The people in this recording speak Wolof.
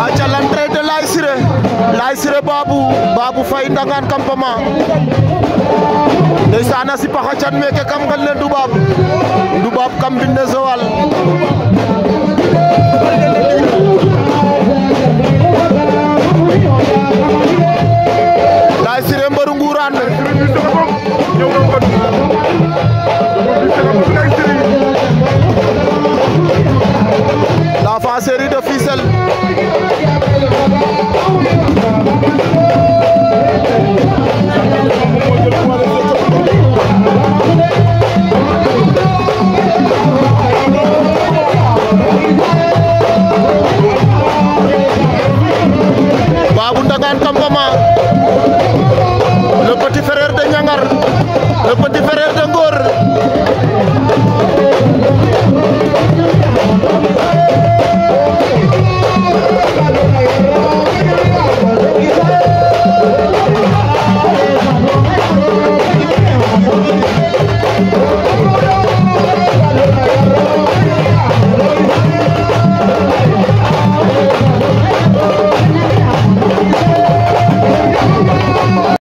aca l'entrée de Laye Siré Laye Siré Ndangaan campement ndeysaan a sipaxa can kam nqel ne Ndoubab Ndoubab kam mbind ne Joal mbaru nguuraan la fa série de ficelle le petit frère de Nyangar le petit frère de Ngor